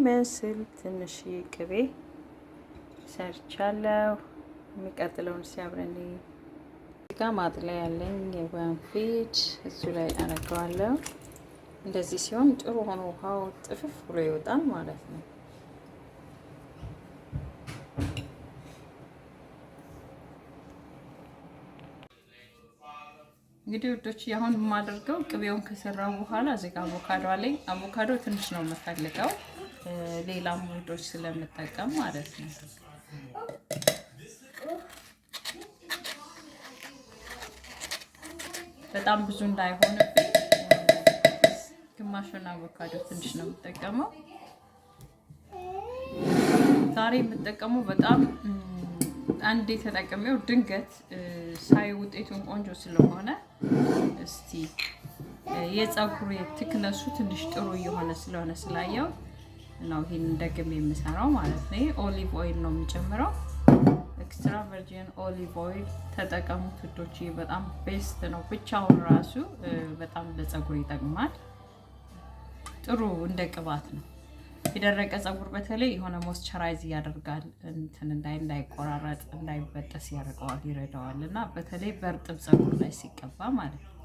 የሚመስል ትንሽ ቅቤ ሰርቻለሁ። የሚቀጥለውን ሲያብረን ጋ ማጥለያ ያለኝ የወንፊት እሱ ላይ አረገዋለሁ። እንደዚህ ሲሆን ጥሩ ሆኖ ውሃው ጥፍፍ ብሎ ይወጣል ማለት ነው። እንግዲህ ውዶች አሁን የማደርገው ቅቤውን ከሰራው በኋላ እዚህ ጋር አቮካዶ አለኝ። አቮካዶ ትንሽ ነው የምፈልገው ሌላ ሙዶች ስለምጠቀም ማለት ነው። በጣም ብዙ እንዳይሆንብኝ ግማሹን አቮካዶ ትንሽ ነው የምጠቀመው። ዛሬ የምጠቀመው በጣም አንዴ ተጠቅሜው ድንገት ሳይ ውጤቱን ቆንጆ ስለሆነ እስቲ የፀጉር ትክነሱ ትንሽ ጥሩ እየሆነ ስለሆነ ስላየው ነው ይሄን ደግሜ የምሰራው ማለት ነው። ኦሊቭ ኦይል ነው የሚጨምረው። ኤክስትራ ቨርጂን ኦሊቭ ኦይል ተጠቀሙ ውዶች፣ በጣም ቤስት ነው። ብቻውን ራሱ በጣም ለፀጉር ይጠቅማል። ጥሩ እንደ ቅባት ነው። የደረቀ ፀጉር በተለይ የሆነ ሞስቸራይዝ ያደርጋል። እንትን እንዳይ እንዳይቆራረጥ እንዳይበጠስ ያደርገዋል፣ ይረዳዋል እና በተለይ በእርጥብ ፀጉር ላይ ሲቀባ ማለት ነው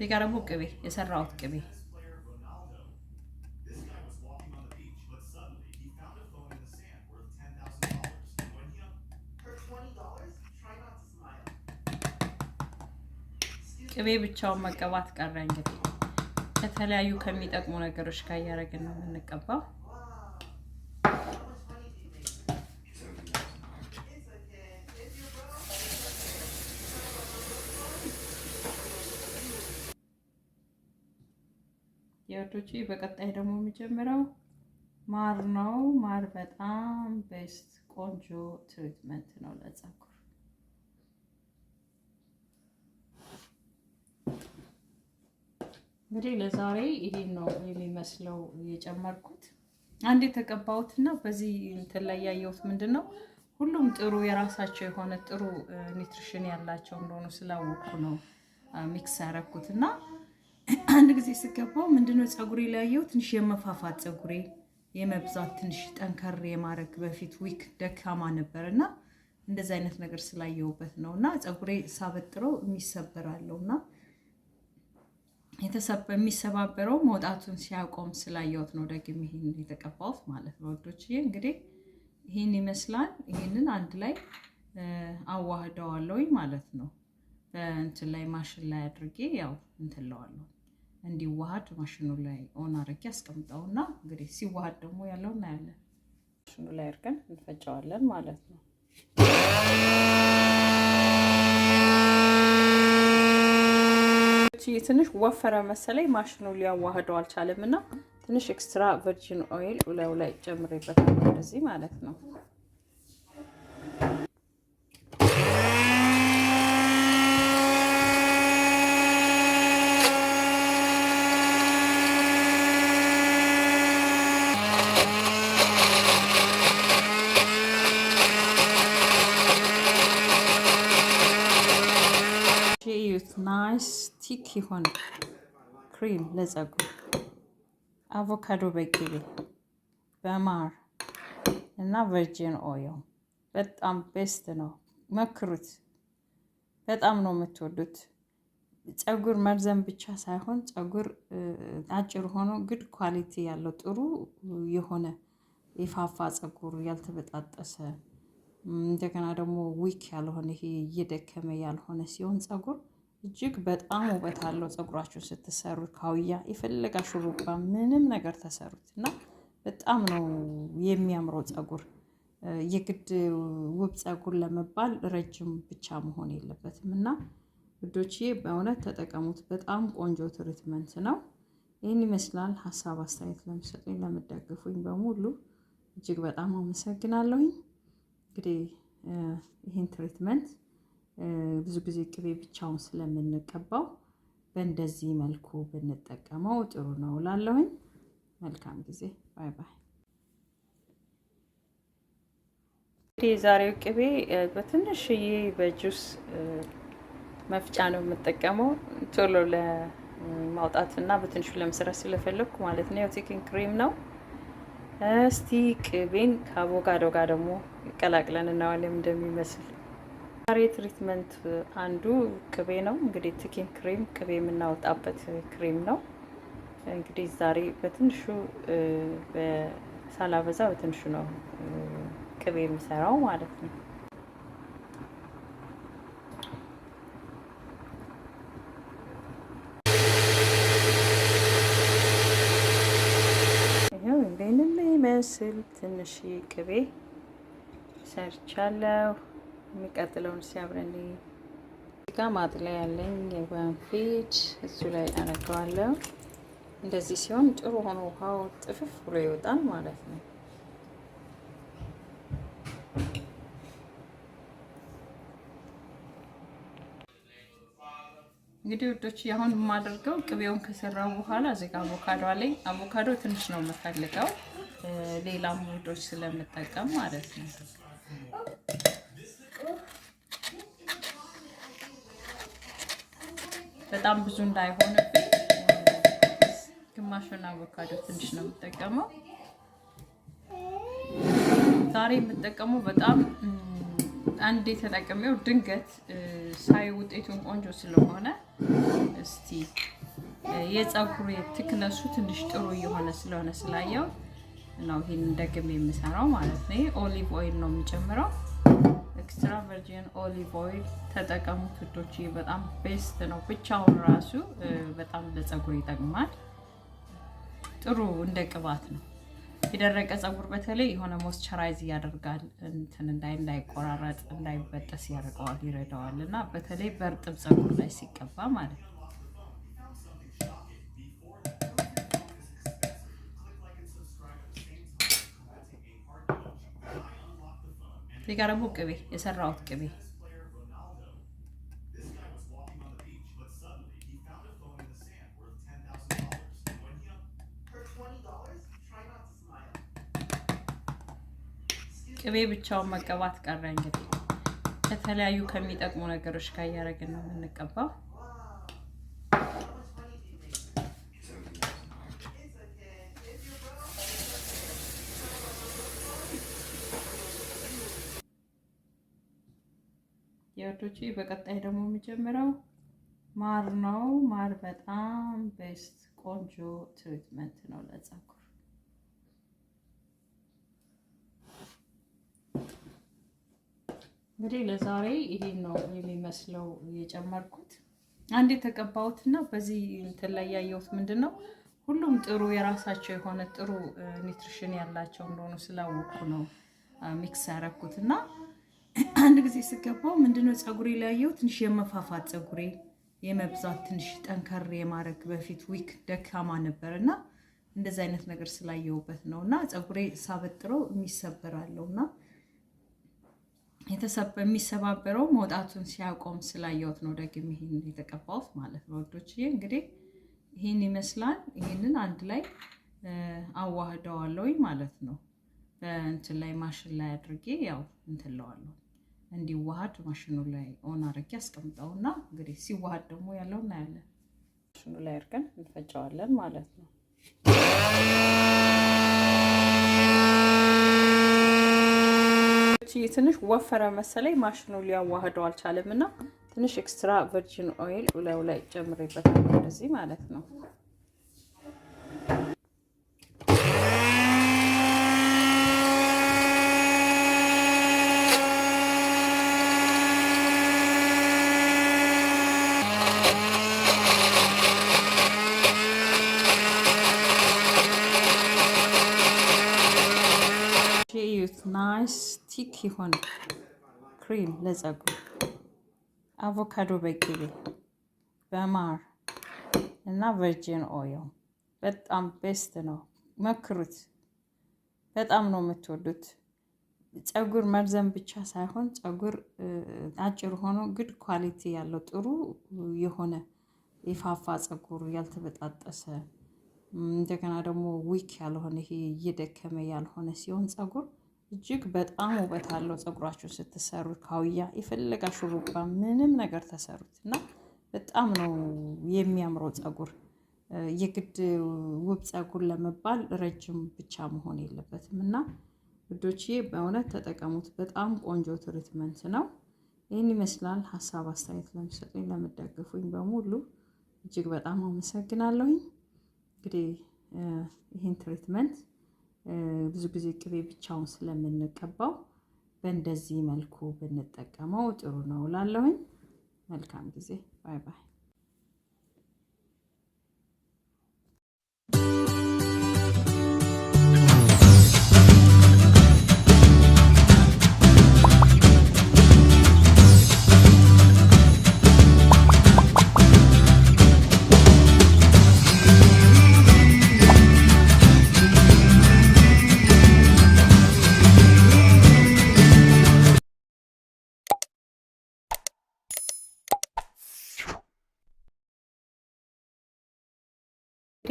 እዚህ ጋር ደግሞ ቅቤ የሰራሁት ቅቤ ቅቤ ብቻውን መቀባት ቀረ። እንግዲህ ከተለያዩ ከሚጠቅሙ ነገሮች ጋር እያደረግን ነው የምንቀባው። የወዶች በቀጣይ ደግሞ የሚጀምረው ማር ነው። ማር በጣም ቤስት ቆንጆ ትሪትመንት ነው ለጸጉር። እንግዲህ ለዛሬ ይሄን ነው የሚመስለው የጨመርኩት። አንድ እና በዚህ እንትን ላይ ያየሁት ምንድን ነው ሁሉም ጥሩ የራሳቸው የሆነ ጥሩ ኒትሪሽን ያላቸው እንደሆኑ ስላወቅኩ ነው ሚክስ እና አንድ ጊዜ ስገባው ምንድነው ፀጉሬ ላይ ያየው ትንሽ የመፋፋት ፀጉሬ የመብዛት ትንሽ ጠንከር የማድረግ በፊት ዊክ ደካማ ነበር እና እንደዚህ አይነት ነገር ስላየውበት ነው። እና ፀጉሬ ሳበጥረው የሚሰበራለው እና የሚሰባበረው መውጣቱን ሲያቆም ስላየሁት ነው። ደግም ይሄን የተቀባሁት ማለት ነው። ወዶችዬ እንግዲህ ይህን ይመስላል። ይህንን አንድ ላይ አዋህደዋለሁኝ ማለት ነው። በእንትን ላይ ማሽን ላይ አድርጌ ያው እንትለዋለሁ እንዲዋሃድ ማሽኑ ላይ ኦን አድርጌ አስቀምጠውና እንግዲህ ሲዋሃድ ደግሞ ያለው እናያለን። ማሽኑ ላይ አድርገን እንፈጨዋለን ማለት ነው። ትንሽ ወፈረ መሰለኝ ማሽኑ ሊያዋህደው አልቻለም እና ትንሽ ኤክስትራ ቨርጂን ኦይል ላዩ ላይ ጨምሬበታል እንደዚህ ማለት ነው። ዩት ናይስ ቲክ የሆነ ክሪም ለፀጉር አቮካዶ በቂቤ በማር እና ቨርጂን ኦይል በጣም ቤስት ነው። መክሩት። በጣም ነው የምትወዱት። ፀጉር መርዘም ብቻ ሳይሆን ፀጉር አጭር ሆኖ ግድ ኳሊቲ ያለው ጥሩ የሆነ የፋፋ ፀጉር ያልተበጣጠሰ እንደገና ደግሞ ዊክ ያልሆነ ይሄ እየደከመ ያልሆነ ሲሆን ፀጉር እጅግ በጣም ውበት አለው። ፀጉራችሁን ስትሰሩ ካውያ የፈለጋ ሹሩባ ምንም ነገር ተሰሩት እና በጣም ነው የሚያምረው ፀጉር። የግድ ውብ ፀጉር ለመባል ረጅም ብቻ መሆን የለበትም እና ውዶችዬ በእውነት ተጠቀሙት። በጣም ቆንጆ ትሪትመንት ነው። ይህን ይመስላል። ሀሳብ አስተያየት ለምሰጡኝ ለምደግፉኝ በሙሉ እጅግ በጣም አመሰግናለሁኝ። እንግዲህ ይህን ትሪትመንት ብዙ ጊዜ ቅቤ ብቻውን ስለምንቀባው በእንደዚህ መልኩ ብንጠቀመው ጥሩ ነው እላለሁኝ። መልካም ጊዜ። ባይ ባይ። የዛሬው ቅቤ በትንሽዬ በጁስ መፍጫ ነው የምጠቀመው ቶሎ ለማውጣትና በትንሹ ለመስራት ስለፈለግኩ ማለት ነው። የቲኪን ክሬም ነው። እስቲ ቅቤን ከአቮካዶ ጋር ደግሞ ቀላቅለን እናዋለም እንደሚመስል ዛሬ ትሪትመንት አንዱ ቅቤ ነው። እንግዲህ ቲኪን ክሬም ቅቤ የምናወጣበት ክሬም ነው። እንግዲህ ዛሬ በትንሹ ሳላበዛ በትንሹ ነው ቅቤ የሚሰራው ማለት ነው። ይህንን ይመስል ትንሽ ቅቤ ሰርቻለሁ። የሚቀጥለውን ሲያብረን ጋ ማጥለያ ያለኝ የወንፊት እሱ ላይ አረገዋለሁ። እንደዚህ ሲሆን ጥሩ ሆኖ ውሃው ጥፍፍ ብሎ ይወጣል ማለት ነው። እንግዲህ ውዶች አሁን የማደርገው ቅቤውን ከሰራው በኋላ እዚህ ጋር አቮካዶ አለኝ። አቮካዶ ትንሽ ነው የምፈልገው ሌላም ውዶች ስለምጠቀም ማለት ነው። በጣም ብዙ እንዳይሆንብኝ ግማሹን አቮካዶ ትንሽ ነው የምጠቀመው። ዛሬ የምጠቀመው በጣም አንዴ ተጠቅሜው ድንገት ሳይ ውጤቱን ቆንጆ ስለሆነ እስቲ የፀጉሬ ትክነሱ ትንሽ ጥሩ እየሆነ ስለሆነ ስላየው ነው ይህን ደግሜ የምሰራው ማለት ነው። ኦሊቭ ኦይል ነው የምጨምረው። ኤክስትራ ቨርጂን ኦሊቭ ኦይል ተጠቀሙ ውዶች፣ በጣም ቤስት ነው። ብቻውን ራሱ በጣም ለፀጉር ይጠቅማል። ጥሩ እንደ ቅባት ነው። የደረቀ ፀጉር በተለይ የሆነ ሞስቸራይዝ ያደርጋል። እንትን እንዳይ እንዳይቆራረጥ እንዳይበጠስ ያደርገዋል፣ ይረዳዋል እና በተለይ በእርጥብ ፀጉር ላይ ሲቀባ ማለት ነው። እዚህ ጋር ደግሞ ቅቤ የሰራሁት ቅቤ ቅቤ ብቻውን መቀባት ቀረ። እንግዲህ ከተለያዩ ከሚጠቅሙ ነገሮች ጋር እያደረግን ነው የምንቀባው። ውዶች በቀጣይ ደግሞ የሚጀምረው ማር ነው። ማር በጣም ቤስት ቆንጆ ትሪትመንት ነው ለጸጉር። እንግዲህ ለዛሬ ይሄን ነው የሚመስለው የጨመርኩት። አንድ የተቀባሁት እና በዚህ እንትን ላይ ያየሁት ምንድን ነው ሁሉም ጥሩ የራሳቸው የሆነ ጥሩ ኒትሪሽን ያላቸው እንደሆኑ ስላወቁ ነው ሚክስ ያረኩት እና አንድ ጊዜ ስገባው ምንድነው ፀጉሬ ላይ ያየው ትንሽ የመፋፋት ፀጉሬ የመብዛት ትንሽ ጠንከር የማድረግ በፊት ዊክ ደካማ ነበር እና እንደዚህ አይነት ነገር ስላየውበት ነው። እና ፀጉሬ ሳበጥረው የሚሰበራለው እና የሚሰባበረው መውጣቱን ሲያቆም ስላየሁት ነው ደግም ይህን የተቀባሁት ማለት ነው። ወዶችዬ እንግዲህ ይህን ይመስላል። ይህንን አንድ ላይ አዋህደዋለሁኝ ማለት ነው። እንትን ላይ ማሽን ላይ አድርጌ ያው እንትለዋለሁ እንዲዋሃድ ማሽኑ ላይ ኦን አድርጌ አስቀምጠው አስቀምጠውና እንግዲህ ሲዋሃድ ደግሞ ያለው እናያለን። ማሽኑ ላይ አድርገን እንፈጨዋለን ማለት ነው። ትንሽ ወፈረ መሰለኝ ማሽኑ ሊያዋህደው አልቻለም እና ትንሽ ኤክስትራ ቨርጂን ኦይል ላዩ ላይ ጨምሬበታል እንደዚህ ማለት ነው። ቲክ ይሆን ክሪም ለፀጉር አቮካዶ በቅቤ በማር እና ቨርጂን ኦይል በጣም ቤስት ነው። መክሩት። በጣም ነው የምትወዱት። ፀጉር መርዘም ብቻ ሳይሆን ፀጉር አጭር ሆኖ ግድ ኳሊቲ ያለው ጥሩ የሆነ የፋፋ ፀጉር ያልተበጣጠሰ እንደገና ደግሞ ዊክ ያልሆነ ይሄ እየደከመ ያልሆነ ሲሆን ፀጉር እጅግ በጣም ውበት አለው። ፀጉራችሁን ስትሰሩ ካውያ የፈለጋ ሹሩባ ምንም ነገር ተሰሩት እና በጣም ነው የሚያምረው ፀጉር። የግድ ውብ ፀጉር ለመባል ረጅም ብቻ መሆን የለበትም እና ውዶችዬ በእውነት ተጠቀሙት። በጣም ቆንጆ ትሪትመንት ነው። ይህን ይመስላል። ሀሳብ አስተያየት ለምሰጡኝ ለምደግፉኝ በሙሉ እጅግ በጣም አመሰግናለሁኝ። እንግዲህ ይህን ትሪትመንት ብዙ ጊዜ ቅቤ ብቻውን ስለምንቀባው በእንደዚህ መልኩ ብንጠቀመው ጥሩ ነው እላለሁኝ። መልካም ጊዜ። ባይ ባይ።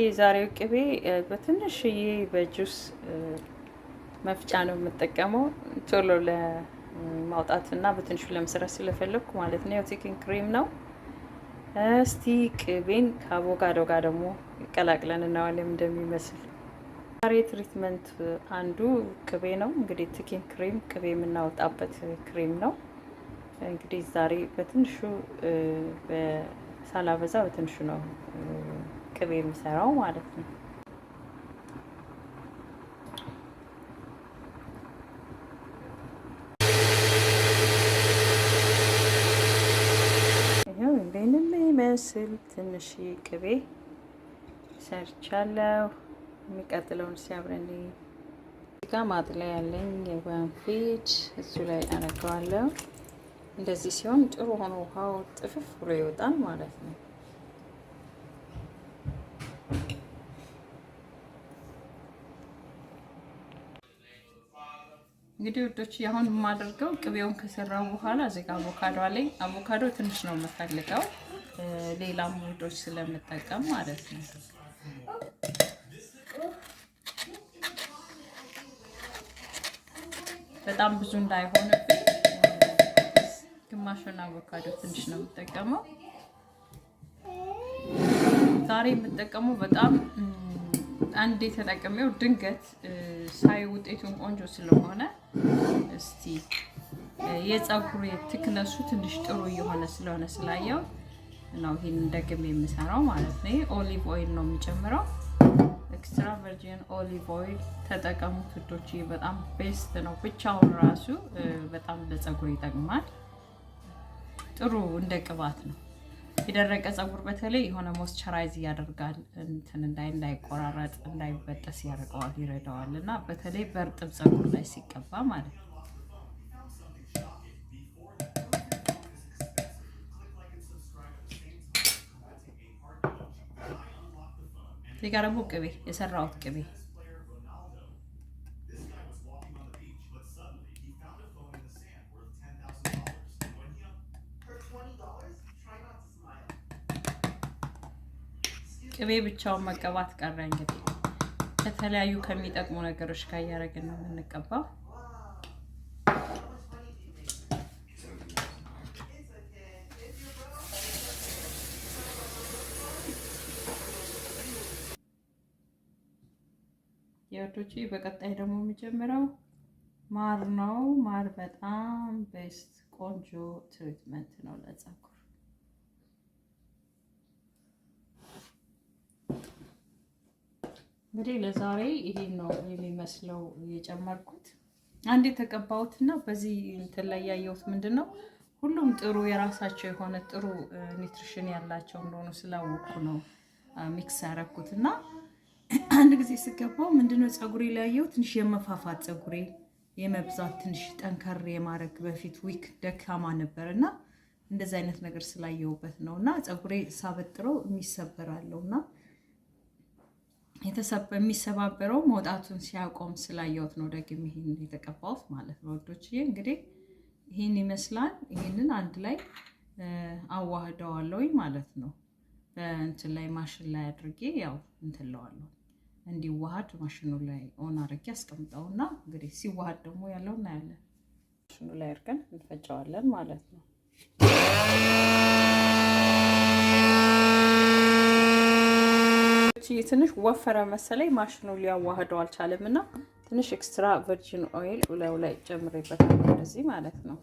እንግዲህ የዛሬው ቅቤ በትንሽዬ በጁስ መፍጫ ነው የምጠቀመው ቶሎ ለማውጣትና በትንሹ ለመስራት ስለፈለግኩ ማለት ነው። ቲክን ክሬም ነው። እስቲ ቅቤን ከአቮካዶ ጋር ደግሞ ቀላቅለን እናዋለም እንደሚመስል። ዛሬ ትሪትመንት አንዱ ቅቤ ነው። እንግዲህ ቲክን ክሬም ቅቤ የምናወጣበት ክሬም ነው። እንግዲህ ዛሬ በትንሹ ሳላበዛ በትንሹ ነው ቅቤ የሚሰራው ማለት ነው። ስል ትንሽ ቅቤ ሰርቻለሁ። የሚቀጥለውን ሲያብረን ጋ ማጥለያ ያለኝ የወንፊት እሱ ላይ አረገዋለሁ። እንደዚህ ሲሆን ጥሩ ሆኖ ውሃው ጥፍፍ ብሎ ይወጣል ማለት ነው። እንግዲህ ውዶች አሁን የማደርገው ቅቤውን ከሰራው በኋላ እዚጋ አቮካዶ አለኝ። አቮካዶ ትንሽ ነው የምፈልገው፣ ሌላም ውዶች ስለምጠቀም ማለት ነው። በጣም ብዙ እንዳይሆንብኝ ግማሹን አቮካዶ ትንሽ ነው የምጠቀመው። ዛሬ የምጠቀመው በጣም አንዴ ተጠቅሜው ድንገት ሳይ ውጤቱን ቆንጆ ስለሆነ እስቲ የፀጉር ትክነሱ ትንሽ ጥሩ እየሆነ ስለሆነ ስላየው ነው ይህን ደግሜ የምሰራው ማለት ነው። ኦሊቭ ኦይል ነው የሚጨምረው። ኤክስትራ ቨርጂን ኦሊቭ ኦይል ተጠቀሙት ውዶች፣ በጣም ቤስት ነው። ብቻውን ራሱ በጣም ለፀጉር ይጠቅማል። ጥሩ እንደ ቅባት ነው። የደረቀ ፀጉር በተለይ የሆነ ሞስቸራይዝ ያደርጋል፣ እንትን እንዳይ እንዳይቆራረጥ እንዳይበጠስ ያደርገዋል ይረዳዋል። እና በተለይ በእርጥብ ፀጉር ላይ ሲቀባ ማለት ነው። እዚህ ደግሞ ቅቤ የሰራሁት ቅቤ ቅቤ ብቻውን መቀባት ቀረ። እንግዲህ ከተለያዩ ከሚጠቅሙ ነገሮች ጋር እያደረግን ነው የምንቀባው። የወዶች በቀጣይ ደግሞ የሚጀምረው ማር ነው። ማር በጣም ቤስት ቆንጆ ትሪትመንት ነው ለጸጉር እንግዲህ ለዛሬ ይሄን ነው የሚመስለው የጨመርኩት። አንድ የተቀባሁትና በዚህ እንትን ላይ ያየሁት ምንድን ነው ሁሉም ጥሩ የራሳቸው የሆነ ጥሩ ኒትሪሽን ያላቸው እንደሆኑ ስላወቅኩ ነው ሚክስ ያረኩት እና አንድ ጊዜ ስገባው ምንድነው ፀጉሬ ላይ ያየሁት ትንሽ የመፋፋት ፀጉሬ የመብዛት ትንሽ ጠንከር የማድረግ በፊት ዊክ ደካማ ነበር እና እንደዚህ አይነት ነገር ስላየውበት ነው እና ፀጉሬ ሳበጥረው የሚሰበራለው እና የሚሰባበረው መውጣቱን ሲያቆም ስላየሁት ነው። ደግም ይህን የተቀባሁት ማለት ነው ወዶች። እንግዲህ ይህን ይመስላል። ይህንን አንድ ላይ አዋህደዋለሁኝ ማለት ነው። በእንትን ላይ ማሽን ላይ አድርጌ ያው እንትለዋለሁ እንዲዋሃድ ማሽኑ ላይ ኦን አድርጌ አስቀምጠውና እንግዲህ ሲዋሃድ ደግሞ ያለው እናያለን። ማሽኑ ላይ አድርገን እንፈጨዋለን ማለት ነው። ትንሽ ወፈረ መሰለኝ ማሽኑ ሊያዋህደው አልቻለም እና ትንሽ ኤክስትራ ቨርጂን ኦይል ላዩ ላይ ጨምሬበታል እንደዚህ ማለት ነው።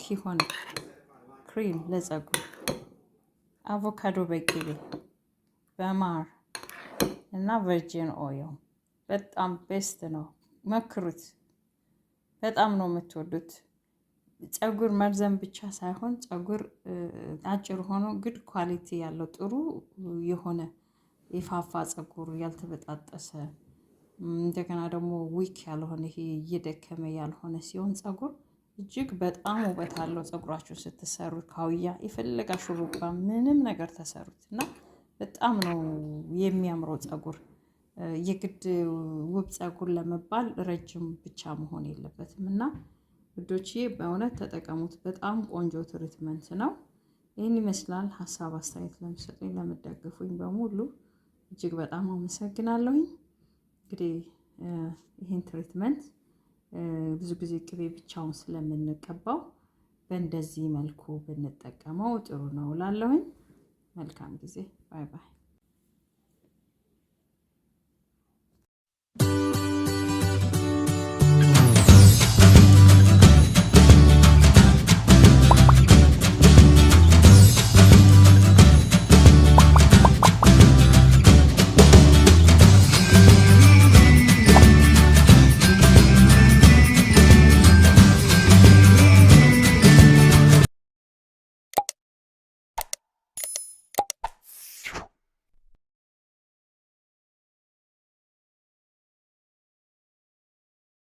ዩኒክ የሆነ ክሬም ለፀጉር አቮካዶ በቅቤ በማር እና ቨርጂን ኦዮ በጣም ቤስት ነው። መክሩት። በጣም ነው የምትወዱት። ፀጉር መርዘም ብቻ ሳይሆን ፀጉር አጭር ሆኖ ግድ ኳሊቲ ያለው ጥሩ የሆነ የፋፋ ፀጉር ያልተበጣጠሰ እንደገና ደግሞ ዊክ ያልሆነ ይሄ እየደከመ ያልሆነ ሲሆን ፀጉር እጅግ በጣም ውበት አለው። ፀጉራችሁ ስትሰሩ ካውያ የፈለጋ ሹሩባ ምንም ነገር ተሰሩት እና በጣም ነው የሚያምረው ፀጉር። የግድ ውብ ፀጉር ለመባል ረጅም ብቻ መሆን የለበትም እና ውዶችዬ በእውነት ተጠቀሙት። በጣም ቆንጆ ትሪትመንት ነው። ይህን ይመስላል። ሀሳብ አስተያየት ለምሰጡኝ ለምደግፉኝ በሙሉ እጅግ በጣም አመሰግናለሁኝ። እንግዲህ ይህን ትሪትመንት ብዙ ጊዜ ቅቤ ብቻውን ስለምንቀባው በእንደዚህ መልኩ ብንጠቀመው ጥሩ ነው እላለሁኝ። መልካም ጊዜ። ባይ ባይ።